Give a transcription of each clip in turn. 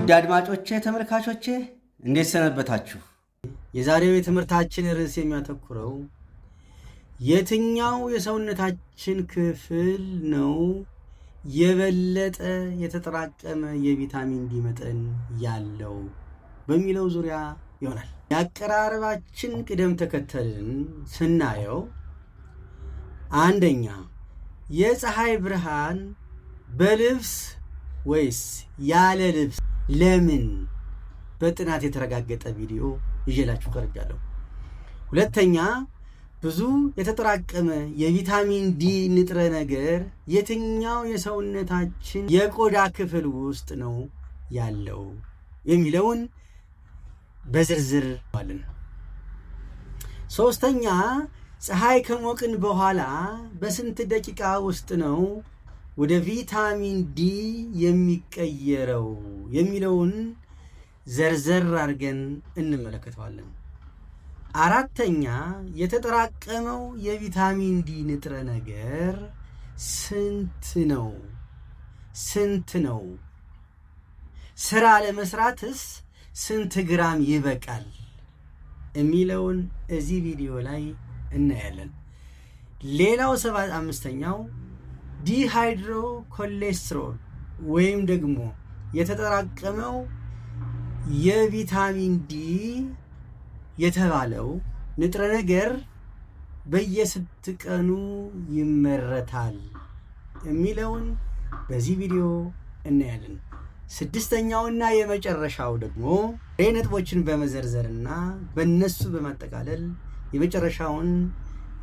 ውድ አድማጮቼ ተመልካቾቼ እንዴት ሰነበታችሁ? የዛሬው የትምህርታችን ርዕስ የሚያተኩረው የትኛው የሰውነታችን ክፍል ነው የበለጠ የተጠራቀመ የቪታሚን ዲ መጠን ያለው በሚለው ዙሪያ ይሆናል። የአቀራረባችን ቅደም ተከተልን ስናየው አንደኛ የፀሐይ ብርሃን በልብስ ወይስ ያለ ልብስ ለምን በጥናት የተረጋገጠ ቪዲዮ ይዤላችሁ ቀርቤያለሁ። ሁለተኛ ብዙ የተጠራቀመ የቪታሚን ዲ ንጥረ ነገር የትኛው የሰውነታችን የቆዳ ክፍል ውስጥ ነው ያለው የሚለውን በዝርዝር ባልን። ሶስተኛ ፀሐይ ከሞቅን በኋላ በስንት ደቂቃ ውስጥ ነው ወደ ቪታሚን ዲ የሚቀየረው የሚለውን ዘርዘር አድርገን እንመለከተዋለን። አራተኛ የተጠራቀመው የቪታሚን ዲ ንጥረ ነገር ስንት ነው? ስንት ነው? ስራ ለመስራትስ ስንት ግራም ይበቃል? የሚለውን እዚህ ቪዲዮ ላይ እናያለን። ሌላው ሰባት አምስተኛው ዲሃይድሮ ኮሌስትሮል ወይም ደግሞ የተጠራቀመው የቪታሚን ዲ የተባለው ንጥረ ነገር በየስት ቀኑ ይመረታል የሚለውን በዚህ ቪዲዮ እናያለን። ስድስተኛውና የመጨረሻው ደግሞ ነጥቦችን በመዘርዘርና በእነሱ በማጠቃለል የመጨረሻውን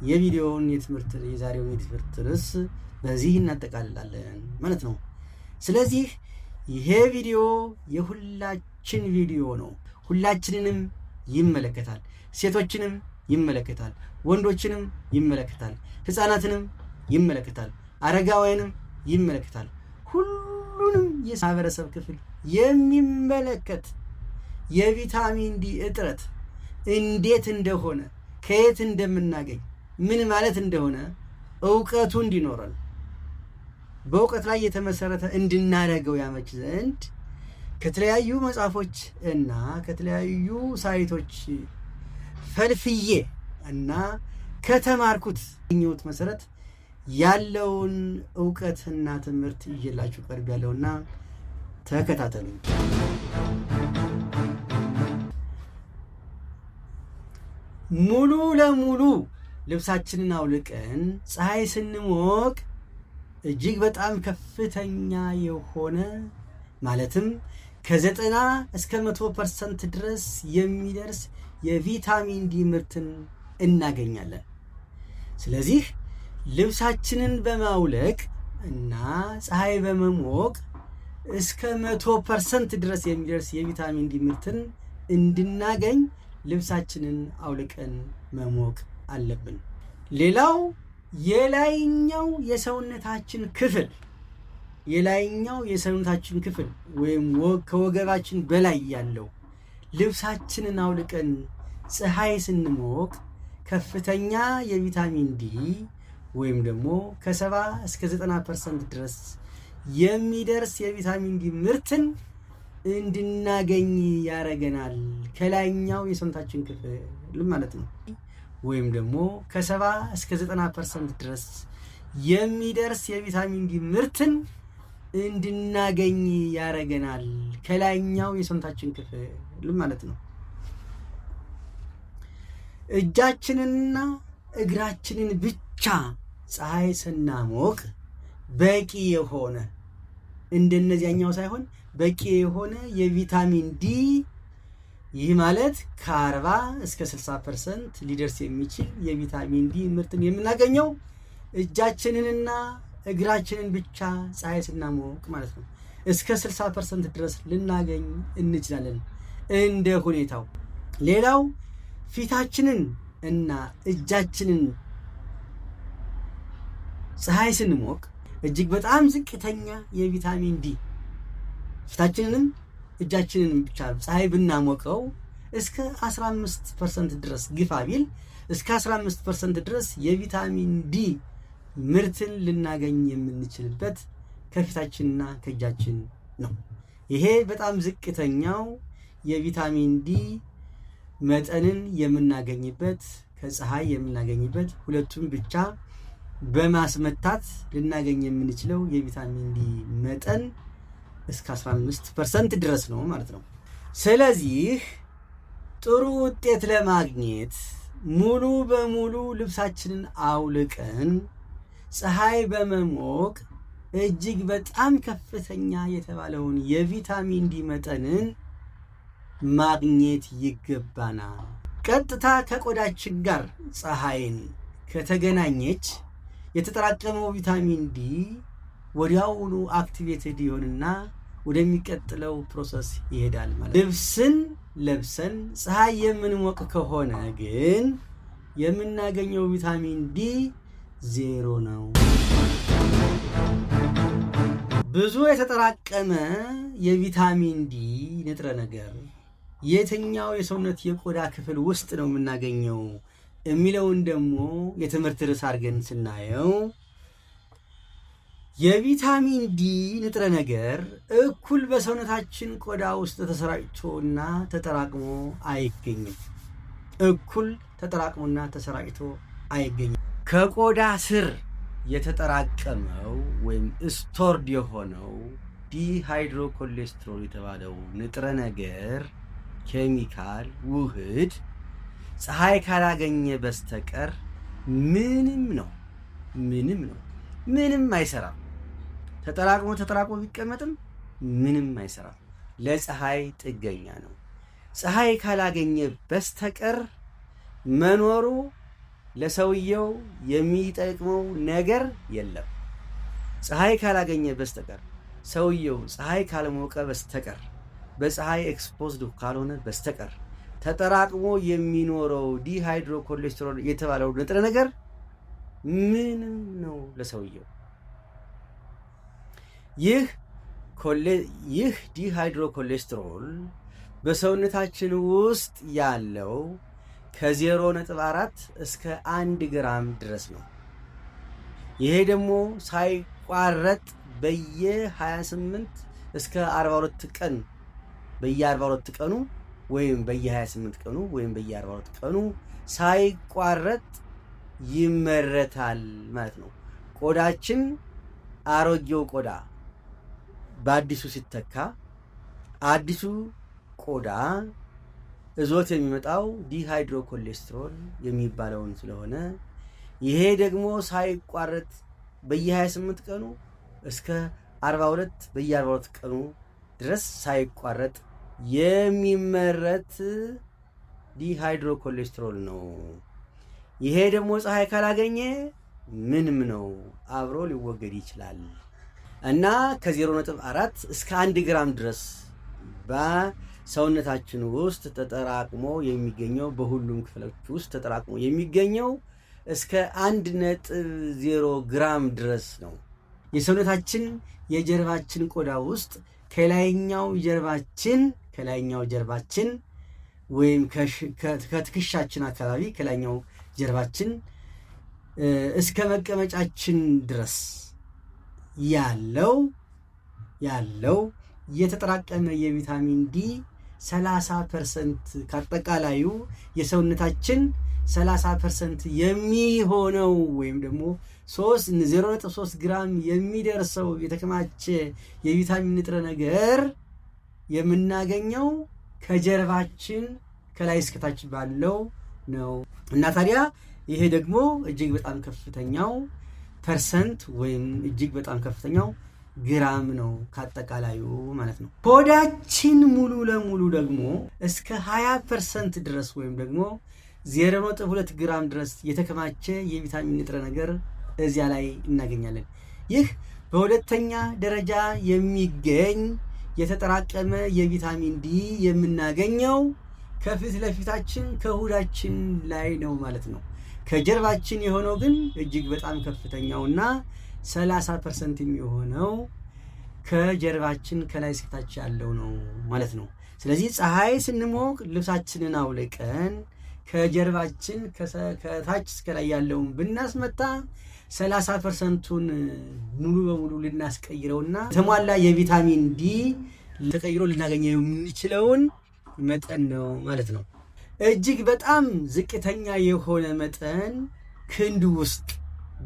የቪዲዮውን የትምህርት የዛሬውን የትምህርት ርዕስ በዚህ እናጠቃልላለን ማለት ነው። ስለዚህ ይሄ ቪዲዮ የሁላችን ቪዲዮ ነው። ሁላችንንም ይመለከታል። ሴቶችንም ይመለከታል፣ ወንዶችንም ይመለከታል፣ ህፃናትንም ይመለከታል፣ አረጋውያንም ይመለከታል። ሁሉንም የማህበረሰብ ክፍል የሚመለከት የቪታሚን ዲ እጥረት እንዴት እንደሆነ ከየት እንደምናገኝ ምን ማለት እንደሆነ እውቀቱ እንዲኖረን በእውቀት ላይ የተመሰረተ እንድናደርገው ያመች ዘንድ ከተለያዩ መጽሐፎች እና ከተለያዩ ሳይቶች ፈልፍዬ እና ከተማርኩት ኘት መሰረት ያለውን እውቀትና ትምህርት እየላችሁ ቀርብ ያለውና ተከታተሉ። ሙሉ ለሙሉ ልብሳችንን አውልቀን ፀሐይ ስንሞቅ እጅግ በጣም ከፍተኛ የሆነ ማለትም ከዘጠና እስከ መቶ ፐርሰንት ድረስ የሚደርስ የቪታሚን ዲ ምርትን እናገኛለን። ስለዚህ ልብሳችንን በማውለቅ እና ፀሐይ በመሞቅ እስከ መቶ ፐርሰንት ድረስ የሚደርስ የቪታሚን ዲ ምርትን እንድናገኝ ልብሳችንን አውልቀን መሞቅ አለብን። ሌላው የላይኛው የሰውነታችን ክፍል የላይኛው የሰውነታችን ክፍል ወይም ከወገባችን በላይ ያለው ልብሳችንን አውልቀን ፀሐይ ስንሞቅ ከፍተኛ የቪታሚን ዲ ወይም ደግሞ ከሰባ እስከ ዘጠና ፐርሰንት ድረስ የሚደርስ የቪታሚን ዲ ምርትን እንድናገኝ ያረገናል። ከላይኛው የሰውነታችን ክፍል ማለት ነው። ወይም ደግሞ ከሰባ እስከ ዘጠና ፐርሰንት ድረስ የሚደርስ የቪታሚን ዲ ምርትን እንድናገኝ ያደርገናል። ከላይኛው የሰውነታችን ክፍል ማለት ነው። እጃችንንና እግራችንን ብቻ ፀሐይ ስናሞቅ በቂ የሆነ እንደነዚያኛው ሳይሆን በቂ የሆነ የቪታሚን ዲ ይህ ማለት ከ40 እስከ 60 ፐርሰንት ሊደርስ የሚችል የቪታሚን ዲ ምርትን የምናገኘው እጃችንንና እግራችንን ብቻ ፀሐይ ስናሞቅ ማለት ነው። እስከ 60 ፐርሰንት ድረስ ልናገኝ እንችላለን እንደ ሁኔታው። ሌላው ፊታችንን እና እጃችንን ፀሐይ ስንሞቅ እጅግ በጣም ዝቅተኛ የቪታሚን ዲ ፊታችንንም እጃችንን ብቻ ፀሐይ ብናሞቀው እስከ 15 ፐርሰንት ድረስ ግፋ ቢል እስከ 15 ፐርሰንት ድረስ የቪታሚን ዲ ምርትን ልናገኝ የምንችልበት ከፊታችንና ከእጃችን ነው። ይሄ በጣም ዝቅተኛው የቪታሚን ዲ መጠንን የምናገኝበት ከፀሐይ የምናገኝበት ሁለቱም ብቻ በማስመታት ልናገኝ የምንችለው የቪታሚን ዲ መጠን እስከ 15 ፐርሰንት ድረስ ነው ማለት ነው። ስለዚህ ጥሩ ውጤት ለማግኘት ሙሉ በሙሉ ልብሳችንን አውልቀን ፀሐይ በመሞቅ እጅግ በጣም ከፍተኛ የተባለውን የቪታሚን ዲ መጠንን ማግኘት ይገባናል። ቀጥታ ከቆዳችን ጋር ፀሐይን ከተገናኘች የተጠራቀመው ቪታሚን ዲ ወዲያውኑ አክቲቬትድ ይሆንና ወደሚቀጥለው ፕሮሰስ ይሄዳል ማለት ነው። ልብስን ለብሰን ፀሐይ የምንሞቅ ከሆነ ግን የምናገኘው ቪታሚን ዲ ዜሮ ነው። ብዙ የተጠራቀመ የቪታሚን ዲ ንጥረ ነገር የትኛው የሰውነት የቆዳ ክፍል ውስጥ ነው የምናገኘው የሚለውን ደግሞ የትምህርት ርዕስ አድርገን ስናየው የቪታሚን ዲ ንጥረ ነገር እኩል በሰውነታችን ቆዳ ውስጥ ተሰራጭቶና ተጠራቅሞ አይገኝም። እኩል ተጠራቅሞና ተሰራጭቶ አይገኝም። ከቆዳ ስር የተጠራቀመው ወይም ስቶርድ የሆነው ዲሃይድሮኮሌስትሮል የተባለው ንጥረ ነገር ኬሚካል ውህድ ፀሐይ ካላገኘ በስተቀር ምንም ነው ምንም ነው ምንም አይሰራም። ተጠራቅሞ ተጠራቅሞ ቢቀመጥም ምንም አይሰራም። ለፀሐይ ጥገኛ ነው። ፀሐይ ካላገኘ በስተቀር መኖሩ ለሰውየው የሚጠቅመው ነገር የለም። ፀሐይ ካላገኘ በስተቀር ሰውየው ፀሐይ ካልሞቀ በስተቀር በፀሐይ ኤክስፖዝድ ካልሆነ በስተቀር ተጠራቅሞ የሚኖረው ዲሃይድሮ የተባለው ንጥረ ነገር ምንም ነው ለሰውየው ይህ ይህ ዲሃይድሮኮሌስትሮል ኮሌስትሮል በሰውነታችን ውስጥ ያለው ከዜሮ ነጥብ አራት እስከ አንድ ግራም ድረስ ነው። ይሄ ደግሞ ሳይቋረጥ በየ28 እስከ 42 ቀን በየ42 ቀኑ ወይም በየ28 ቀኑ ወይም በየ42 ቀኑ ሳይቋረጥ ይመረታል ማለት ነው። ቆዳችን አሮጌው ቆዳ በአዲሱ ሲተካ አዲሱ ቆዳ እዞት የሚመጣው ዲሃይድሮ ኮሌስትሮል የሚባለውን ስለሆነ ይሄ ደግሞ ሳይቋረጥ በየ28 ቀኑ እስከ 42 በየ42 ቀኑ ድረስ ሳይቋረጥ የሚመረት ዲሃይድሮ ኮሌስትሮል ነው። ይሄ ደግሞ ፀሐይ ካላገኘ ምንም ነው አብሮ ሊወገድ ይችላል። እና ከ0.4 እስከ 1 ግራም ድረስ በሰውነታችን ውስጥ ተጠራቅሞ የሚገኘው በሁሉም ክፍሎች ውስጥ ተጠራቅሞ የሚገኘው እስከ 1.0 ግራም ድረስ ነው። የሰውነታችን የጀርባችን ቆዳ ውስጥ ከላይኛው ጀርባችን ከላይኛው ጀርባችን ወይም ከትከሻችን አካባቢ ከላይኛው ጀርባችን እስከ መቀመጫችን ድረስ ያለው ያለው የተጠራቀመ የቪታሚን ዲ 30 ፐርሰንት ከአጠቃላዩ የሰውነታችን 30 ፐርሰንት የሚሆነው ወይም ደግሞ 0.3 ግራም የሚደርሰው የተከማቸ የቪታሚን ንጥረ ነገር የምናገኘው ከጀርባችን ከላይ እስከታች ባለው ነው እና ታዲያ ይሄ ደግሞ እጅግ በጣም ከፍተኛው ፐርሰንት ወይም እጅግ በጣም ከፍተኛው ግራም ነው ከአጠቃላዩ ማለት ነው። ሆዳችን ሙሉ ለሙሉ ደግሞ እስከ 20 ፐርሰንት ድረስ ወይም ደግሞ 0.2 ግራም ድረስ የተከማቸ የቪታሚን ንጥረ ነገር እዚያ ላይ እናገኛለን። ይህ በሁለተኛ ደረጃ የሚገኝ የተጠራቀመ የቪታሚን ዲ የምናገኘው ከፊት ለፊታችን ከሆዳችን ላይ ነው ማለት ነው። ከጀርባችን የሆነው ግን እጅግ በጣም ከፍተኛውና 30 ፐርሰንት የሚሆነው ከጀርባችን ከላይ እስከታች ያለው ነው ማለት ነው። ስለዚህ ፀሐይ ስንሞቅ ልብሳችንን አውልቀን ከጀርባችን ከታች እስከ ላይ ያለውን ብናስመታ 30 ፐርሰንቱን ሙሉ በሙሉ ልናስቀይረውና የተሟላ የቪታሚን ዲ ተቀይሮ ልናገኘው የምንችለውን መጠን ነው ማለት ነው። እጅግ በጣም ዝቅተኛ የሆነ መጠን ክንድ ውስጥ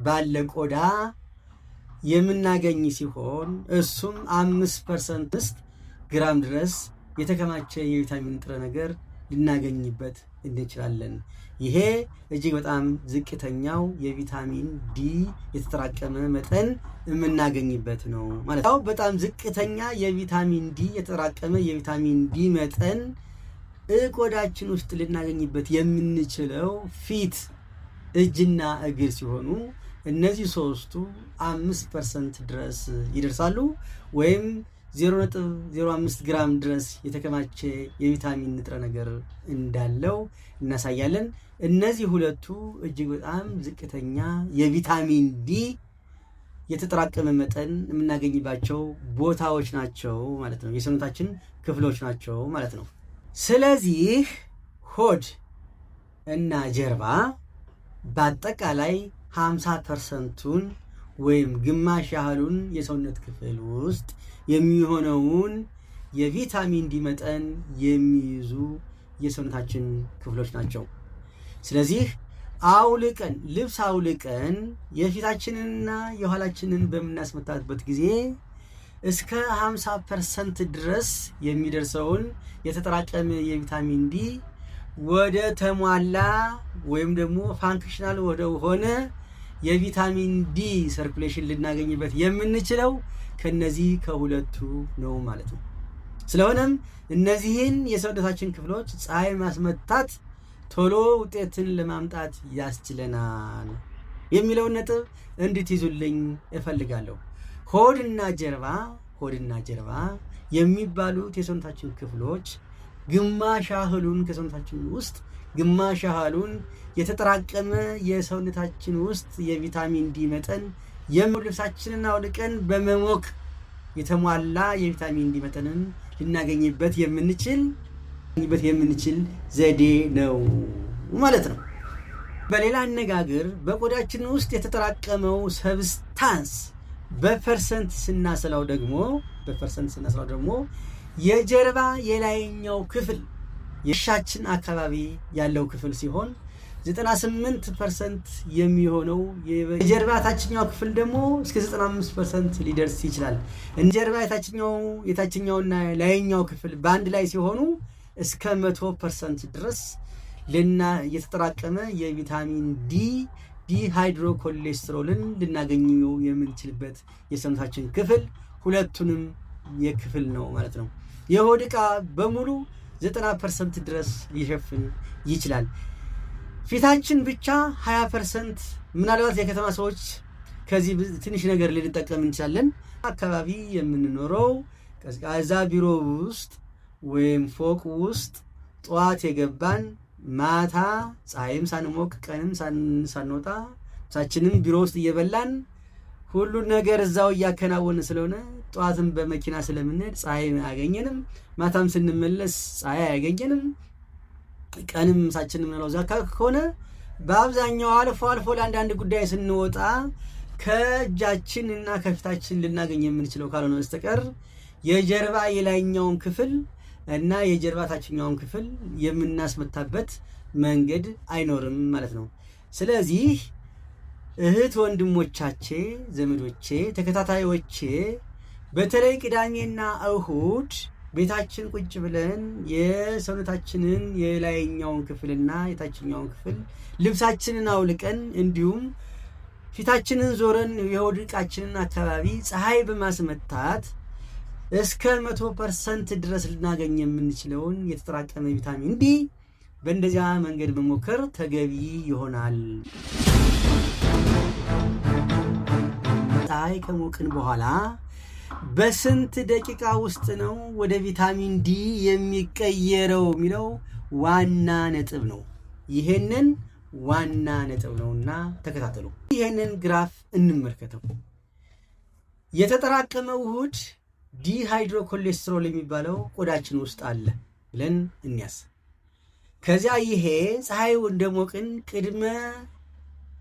ባለ ቆዳ የምናገኝ ሲሆን እሱም አምስት ፐርሰንት ውስጥ ግራም ድረስ የተከማቸ የቪታሚን ንጥረ ነገር ልናገኝበት እንችላለን። ይሄ እጅግ በጣም ዝቅተኛው የቪታሚን ዲ የተጠራቀመ መጠን የምናገኝበት ነው ማለት ነው። በጣም ዝቅተኛ የቪታሚን ዲ የተጠራቀመ የቪታሚን ዲ መጠን ቆዳችን ውስጥ ልናገኝበት የምንችለው ፊት፣ እጅና እግር ሲሆኑ እነዚህ ሶስቱ አምስት ፐርሰንት ድረስ ይደርሳሉ ወይም 0.05 ግራም ድረስ የተከማቸ የቪታሚን ንጥረ ነገር እንዳለው እናሳያለን። እነዚህ ሁለቱ እጅግ በጣም ዝቅተኛ የቪታሚን ዲ የተጠራቀመ መጠን የምናገኝባቸው ቦታዎች ናቸው ማለት ነው። የሰውነታችን ክፍሎች ናቸው ማለት ነው። ስለዚህ ሆድ እና ጀርባ በአጠቃላይ 50 ፐርሰንቱን ወይም ግማሽ ያህሉን የሰውነት ክፍል ውስጥ የሚሆነውን የቪታሚን ዲ መጠን የሚይዙ የሰውነታችን ክፍሎች ናቸው። ስለዚህ አውልቀን ልብስ አውልቀን የፊታችንንና የኋላችንን በምናስመታበት ጊዜ እስከ 50 ፐርሰንት ድረስ የሚደርሰውን የተጠራቀመ የቪታሚን ዲ ወደ ተሟላ ወይም ደግሞ ፋንክሽናል ወደ ሆነ የቪታሚን ዲ ሰርኩሌሽን ልናገኝበት የምንችለው ከነዚህ ከሁለቱ ነው ማለት ነው። ስለሆነም እነዚህን የሰውነታችን ክፍሎች ፀሐይ ማስመታት ቶሎ ውጤትን ለማምጣት ያስችለናል የሚለውን ነጥብ እንድትይዙልኝ እፈልጋለሁ። ሆድና ጀርባ ሆድና ጀርባ የሚባሉት የሰውነታችን ክፍሎች ግማሽ ያህሉን ከሰውነታችን ውስጥ ግማሽ ያህሉን የተጠራቀመ የሰውነታችን ውስጥ የቪታሚን ዲ መጠን የምግብ ልብሳችንን አውልቀን በመሞቅ የተሟላ የቪታሚን ዲ መጠንን ልናገኝበት የምንችል በት የምንችል ዘዴ ነው ማለት ነው። በሌላ አነጋገር በቆዳችን ውስጥ የተጠራቀመው ሰብስታንስ በፐርሰንት ስናስላው ደግሞ በፐርሰንት ስናስላው ደግሞ የጀርባ የላይኛው ክፍል የሻችን አካባቢ ያለው ክፍል ሲሆን 98 ፐርሰንት የሚሆነው የጀርባ ታችኛው ክፍል ደግሞ እስከ 95 ፐርሰንት ሊደርስ ይችላል። እንጀርባ የታችኛው የታችኛውና ላይኛው ክፍል በአንድ ላይ ሲሆኑ እስከ መቶ ፐርሰንት ድረስ ልና የተጠራቀመ የቪታሚን ዲ ዲሃይድሮኮሌስትሮልን ልናገኘው የምንችልበት የሰውነታችን ክፍል ሁለቱንም የክፍል ነው ማለት ነው። የሆድ ዕቃ በሙሉ 90 ፐርሰንት ድረስ ሊሸፍን ይችላል። ፊታችን ብቻ 20 ፐርሰንት። ምናልባት የከተማ ሰዎች ከዚህ ትንሽ ነገር ልንጠቀም እንችላለን። አካባቢ የምንኖረው ቀዝቃዛ ቢሮ ውስጥ ወይም ፎቅ ውስጥ ጠዋት የገባን ማታ ፀሐይም ሳንሞቅ ቀንም ሳንወጣ ምሳችንም ቢሮ ውስጥ እየበላን ሁሉን ነገር እዛው እያከናወን ስለሆነ ጠዋትም በመኪና ስለምንሄድ ፀሐይ አያገኘንም፣ ማታም ስንመለስ ፀሐይ አያገኘንም። ቀንም ምሳችን የምንለው እዛ ከሆነ በአብዛኛው አልፎ አልፎ ለአንዳንድ ጉዳይ ስንወጣ ከእጃችን እና ከፊታችን ልናገኝ የምንችለው ካልሆነ በስተቀር የጀርባ የላይኛውን ክፍል እና የጀርባ ታችኛውን ክፍል የምናስመታበት መንገድ አይኖርም ማለት ነው። ስለዚህ እህት ወንድሞቻቼ፣ ዘመዶቼ፣ ተከታታዮቼ በተለይ ቅዳሜና እሁድ ቤታችን ቁጭ ብለን የሰውነታችንን የላይኛውን ክፍልና የታችኛውን ክፍል ልብሳችንን አውልቀን እንዲሁም ፊታችንን ዞረን የሆድ ዕቃችንን አካባቢ ፀሐይ በማስመታት እስከ መቶ ፐርሰንት ድረስ ልናገኝ የምንችለውን የተጠራቀመ ቪታሚን ዲ በእንደዚያ መንገድ መሞከር ተገቢ ይሆናል። ፀሐይ ከሞቅን በኋላ በስንት ደቂቃ ውስጥ ነው ወደ ቪታሚን ዲ የሚቀየረው የሚለው ዋና ነጥብ ነው። ይሄንን ዋና ነጥብ እና ተከታተሉ። ይሄንን ግራፍ እንመልከተው። የተጠራቀመ ውሁድ ዲሃይድሮኮሌስትሮል የሚባለው ቆዳችን ውስጥ አለ ብለን እንያስ። ከዚያ ይሄ ፀሐይ እንደሞቅን ቅድመ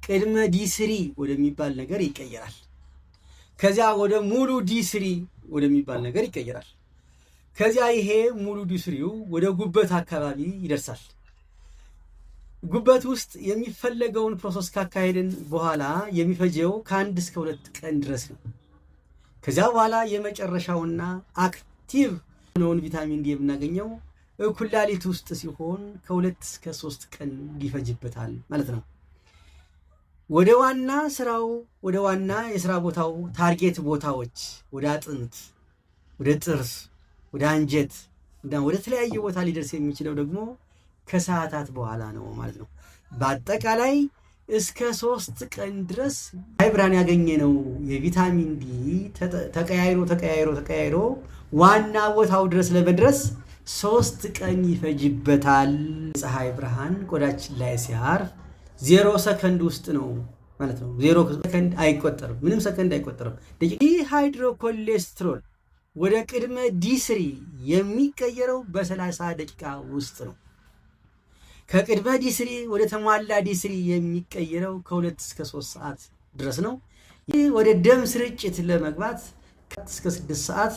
ቅድመ ዲስሪ ወደሚባል ነገር ይቀየራል። ከዚያ ወደ ሙሉ ዲስሪ ወደሚባል ነገር ይቀየራል። ከዚያ ይሄ ሙሉ ዲስሪው ወደ ጉበት አካባቢ ይደርሳል። ጉበት ውስጥ የሚፈለገውን ፕሮሰስ ካካሄድን በኋላ የሚፈጀው ከአንድ እስከ ሁለት ቀን ድረስ ነው። ከዚያ በኋላ የመጨረሻውና አክቲቭ የሆነውን ቪታሚን ዲ የምናገኘው ኩላሊት ውስጥ ሲሆን ከሁለት እስከ ሶስት ቀን ይፈጅበታል ማለት ነው። ወደ ዋና ስራው ወደ ዋና የስራ ቦታው ታርጌት ቦታዎች ወደ አጥንት፣ ወደ ጥርስ፣ ወደ አንጀት እና ወደ ተለያየ ቦታ ሊደርስ የሚችለው ደግሞ ከሰዓታት በኋላ ነው ማለት ነው። በአጠቃላይ እስከ ሶስት ቀን ድረስ ሃይብራን ያገኘ ነው የቪታሚን ዲ ተቀያይሮ ተቀያይሮ ተቀያይሮ ዋና ቦታው ድረስ ለመድረስ ሶስት ቀን ይፈጅበታል። ፀሐይ ብርሃን ቆዳችን ላይ ሲያርፍ ዜሮ ሰከንድ ውስጥ ነው ማለት ነው። ዜሮ ሰከንድ አይቆጠርም፣ ምንም ሰከንድ አይቆጠርም። ሃይድሮኮሌስትሮል ወደ ቅድመ ዲ የሚቀየረው የሚቀየረው በሰላሳ ደቂቃ ውስጥ ነው። ከቅድመ ዲስሪ ወደ ተሟላ ዲስሪ የሚቀየረው ከሁለት እስከ ሶስት ሰዓት ድረስ ነው። ይህ ወደ ደም ስርጭት ለመግባት እስከ ስድስት ሰዓት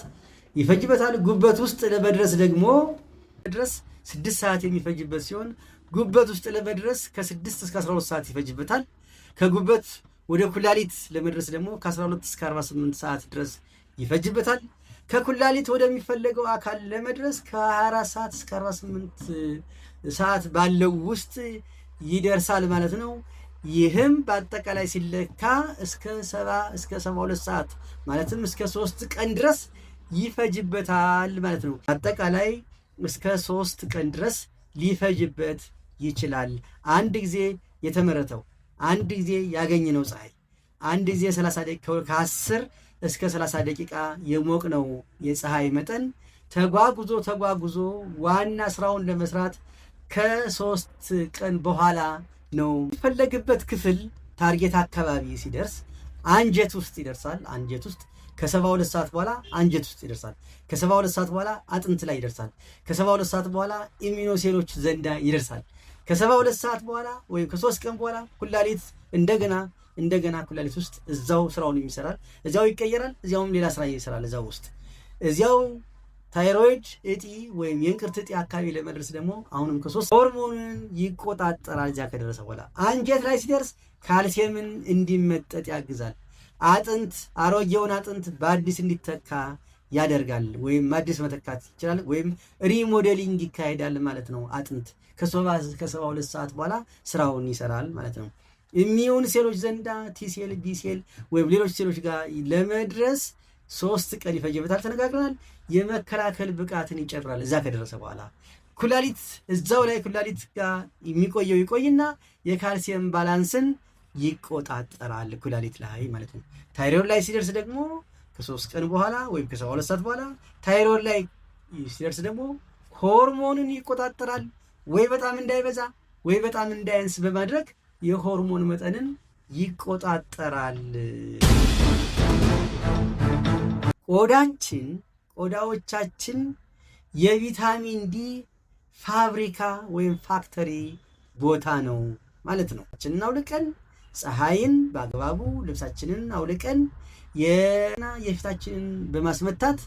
ይፈጅበታል። ጉበት ውስጥ ለመድረስ ደግሞ ድረስ ስድስት ሰዓት የሚፈጅበት ሲሆን ጉበት ውስጥ ለመድረስ ከስድስት እስከ አስራ ሁለት ሰዓት ይፈጅበታል። ከጉበት ወደ ኩላሊት ለመድረስ ደግሞ ከ12 እስከ 48 ሰዓት ድረስ ይፈጅበታል። ከኩላሊት ወደሚፈለገው አካል ለመድረስ ከ24 ሰዓት እስከ 48 ሰዓት ባለው ውስጥ ይደርሳል ማለት ነው። ይህም በአጠቃላይ ሲለካ እስከ ሰባ እስከ ሰባ ሁለት ሰዓት ማለትም እስከ ሶስት ቀን ድረስ ይፈጅበታል ማለት ነው። በአጠቃላይ እስከ ሶስት ቀን ድረስ ሊፈጅበት ይችላል። አንድ ጊዜ የተመረተው አንድ ጊዜ ነው ፀሐይ አንድ ጊዜ ከአስር እስከ ሰላሳ ደቂቃ የሞቅ ነው የፀሐይ መጠን ተጓጉዞ ተጓጉዞ ዋና ስራውን ለመስራት ከሶስት ቀን በኋላ ነው የሚፈለግበት ክፍል ታርጌት አካባቢ ሲደርስ አንጀት ውስጥ ይደርሳል። አንጀት ውስጥ ከሰባ ሁለት ሰዓት በኋላ አንጀት ውስጥ ይደርሳል። ከሰባ ሁለት ሰዓት በኋላ አጥንት ላይ ይደርሳል። ከሰባ ሁለት ሰዓት በኋላ ኢሚኖሴሎች ዘንዳ ይደርሳል። ከሰባ ሁለት ሰዓት በኋላ ወይም ከሶስት ቀን በኋላ ኩላሊት እንደገና እንደገና ኩላሊት ውስጥ እዛው ስራውን ይሰራል። እዚያው ይቀየራል። እዚያውም ሌላ ስራ ይሰራል። እዛው ውስጥ እዚያው ታይሮይድ እጢ ወይም የእንቅርት እጢ አካባቢ ለመድረስ ደግሞ አሁንም ከሶስት ሆርሞንን ይቆጣጠራል። እዚያ ከደረሰ በኋላ አንጀት ላይ ሲደርስ ካልሲየምን እንዲመጠጥ ያግዛል። አጥንት አሮጌውን አጥንት በአዲስ እንዲተካ ያደርጋል። ወይም አዲስ መተካት ይችላል። ወይም ሪሞዴሊንግ ይካሄዳል ማለት ነው። አጥንት ከሰባ ሁለት ሰዓት በኋላ ስራውን ይሰራል ማለት ነው። የሚሆን ሴሎች ዘንዳ ቲሴል ቢሴል ወይም ሌሎች ሴሎች ጋር ለመድረስ ሶስት ቀን ይፈጅበታል ተነጋግረናል። የመከላከል ብቃትን ይጨምራል። እዛ ከደረሰ በኋላ ኩላሊት እዛው ላይ ኩላሊት ጋር የሚቆየው ይቆይና የካልሲየም ባላንስን ይቆጣጠራል ኩላሊት ላይ ማለት ነው። ታይሮይድ ላይ ሲደርስ ደግሞ ከሶስት ቀን በኋላ ወይም ከሰባ ሁለት ሰዓት በኋላ ታይሮይድ ላይ ሲደርስ ደግሞ ሆርሞንን ይቆጣጠራል። ወይ በጣም እንዳይበዛ ወይ በጣም እንዳያንስ በማድረግ የሆርሞን መጠንን ይቆጣጠራል። ቆዳችን ቆዳዎቻችን የቪታሚን ዲ ፋብሪካ ወይም ፋክተሪ ቦታ ነው ማለት ነው። ችንን አውልቀን ፀሐይን በአግባቡ ልብሳችንን አውልቀን የና የፊታችንን በማስመታት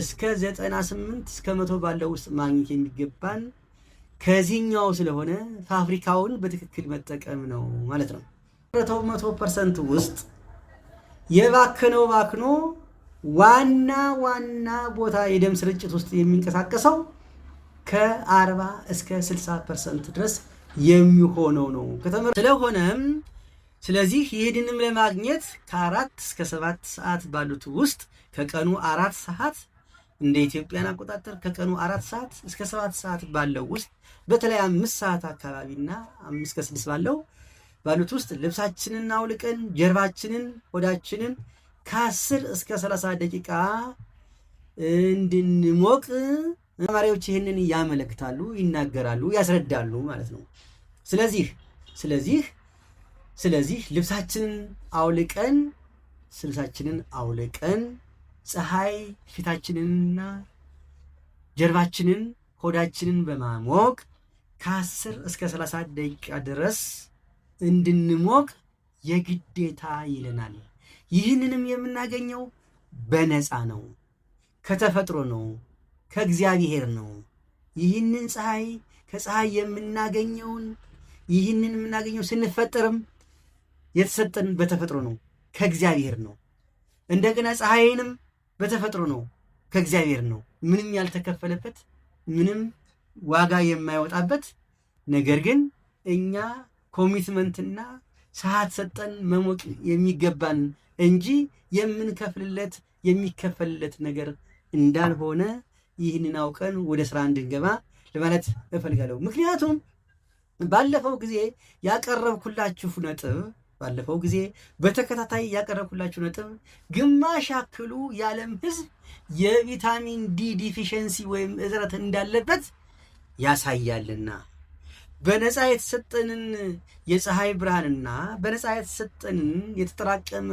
እስከ 98 እስከ መቶ ባለው ውስጥ ማግኘት የሚገባን ከዚህኛው ስለሆነ ፋብሪካውን በትክክል መጠቀም ነው ማለት ነው። መቶ ፐርሰንት ውስጥ የባከነው ባክኖ ዋና ዋና ቦታ የደም ስርጭት ውስጥ የሚንቀሳቀሰው ከ40 እስከ 60 ፐርሰንት ድረስ የሚሆነው ነው። ስለሆነም ስለዚህ ይህድንም ለማግኘት ከአራት እስከ ሰባት ሰዓት ባሉት ውስጥ ከቀኑ አራት ሰዓት እንደ ኢትዮጵያን አቆጣጠር ከቀኑ አራት ሰዓት እስከ ሰባት ሰዓት ባለው ውስጥ በተለይ አምስት ሰዓት አካባቢና አምስት ከስድስት ባለው ባሉት ውስጥ ልብሳችንን አውልቀን ጀርባችንን ሆዳችንን ከአስር እስከ ሰላሳ ደቂቃ እንድንሞቅ ተማሪዎች ይህንን ያመለክታሉ፣ ይናገራሉ፣ ያስረዳሉ ማለት ነው። ስለዚህ ስለዚህ ስለዚህ ልብሳችንን አውልቀን ልብሳችንን አውልቀን ፀሐይ ፊታችንንና ጀርባችንን ሆዳችንን በማሞቅ ከአስር እስከ ሰላሳ ደቂቃ ድረስ እንድንሞቅ የግዴታ ይለናል። ይህንንም የምናገኘው በነፃ ነው፣ ከተፈጥሮ ነው፣ ከእግዚአብሔር ነው። ይህንን ፀሐይ ከፀሐይ የምናገኘውን ይህንን የምናገኘው ስንፈጠርም የተሰጠን በተፈጥሮ ነው፣ ከእግዚአብሔር ነው። እንደገና ፀሐይንም በተፈጥሮ ነው፣ ከእግዚአብሔር ነው። ምንም ያልተከፈለበት ምንም ዋጋ የማይወጣበት ነገር ግን እኛ ኮሚትመንትና ሰዓት ሰጠን መሞቅ የሚገባን እንጂ የምንከፍልለት የሚከፈልለት ነገር እንዳልሆነ ይህንን አውቀን ወደ ስራ እንድንገባ ለማለት እፈልጋለሁ። ምክንያቱም ባለፈው ጊዜ ያቀረብኩላችሁ ነጥብ ባለፈው ጊዜ በተከታታይ ያቀረብኩላችሁ ነጥብ ግማሽ ያክሉ የዓለም ሕዝብ የቪታሚን ዲ ዲፊሽንሲ ወይም እጥረት እንዳለበት ያሳያልና በነፃ የተሰጠንን የፀሐይ ብርሃንና በነፃ የተሰጠንን የተጠራቀመ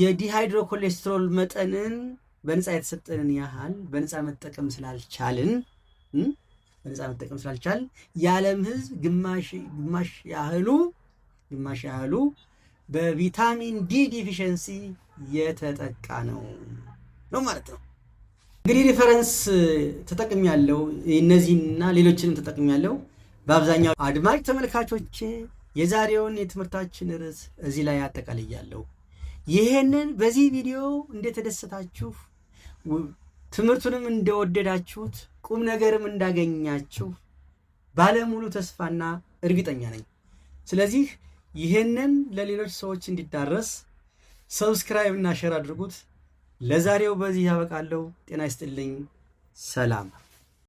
የዲሃይድሮ ኮሌስትሮል መጠንን በነፃ የተሰጠንን ያህል በነፃ መጠቀም ስላልቻልን በነፃ መጠቀም ስላልቻል የዓለም ሕዝብ ግማሽ ያህሉ ግማሽ ያህሉ በቪታሚን ዲ ዲፊሽንሲ የተጠቃ ነው ነው ማለት ነው። እንግዲህ ሪፈረንስ ተጠቅም ያለው እነዚህና ሌሎችንም ተጠቅም ያለው። በአብዛኛው አድማጭ ተመልካቾች የዛሬውን የትምህርታችን ርዕስ እዚህ ላይ አጠቃልያለሁ። ይህንን በዚህ ቪዲዮ እንደተደሰታችሁ ትምህርቱንም እንደወደዳችሁት ቁም ነገርም እንዳገኛችሁ ባለሙሉ ተስፋና እርግጠኛ ነኝ። ስለዚህ ይህንን ለሌሎች ሰዎች እንዲዳረስ ሰብስክራይብ እና ሼር አድርጉት። ለዛሬው በዚህ ያበቃለሁ። ጤና ይስጥልኝ። ሰላም